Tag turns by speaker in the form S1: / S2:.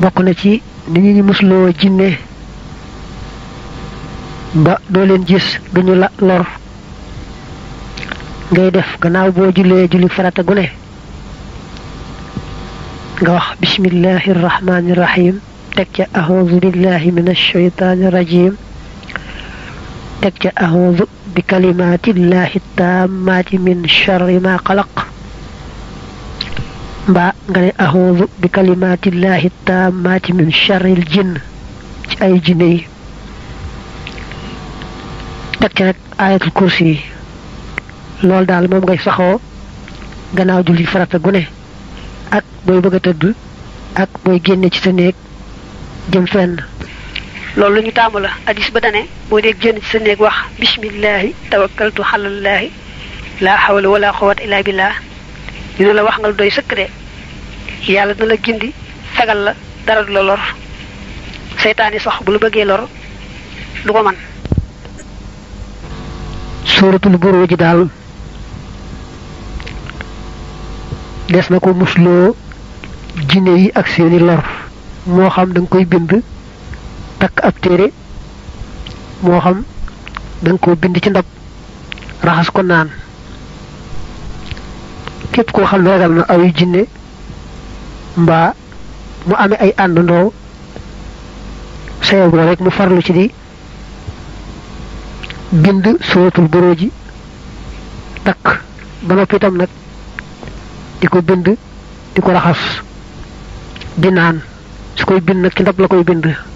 S1: bokk na ci ni ñu musloo jinne ba doo leen gis duñu la lor ngay def gannaaw boo jullee julli farata gu nga wax bismillahi irrahmani irrahim teg ca ahoudu billahi min alsheytaani irrajim teg ca ahoudu bi kalimatillahi taammaati min charri ma xalaq mba nga ne ahodu bi llahi tammati min sharril jinn ci ay jinne yi teg ci rek ayatul kursi yi loolu daal moom ngay saxoo gannaaw julli farata gu ne ak booy bëgg a tëdd ak booy génne ci sa néeg jëm fenn
S2: loolu lu ñu la adis ba dane boo dee génn ci sa néeg wax bismillahi tawakkaltu xalallahi laa xawla wala quwwata illa billah ñu la wax nga doy sëkk de yalla dala la gindi fegal la dara la lor seytaani sax bu lu beugé lor du ko man
S1: suratul buruj dal des na ko muslo jinne yi ak seeni lor mo xam dang koy bind tak ab téré mo xam dang ko bind ci ndab rahas ko naan kep ko xam ragal na ay jinne mba mu amé ay sey sayagoo rek mu farlu ci di bind suratul buruji tak ba noppi itam nak di bind di raxas di nan su koy bind nak ndab la koy bind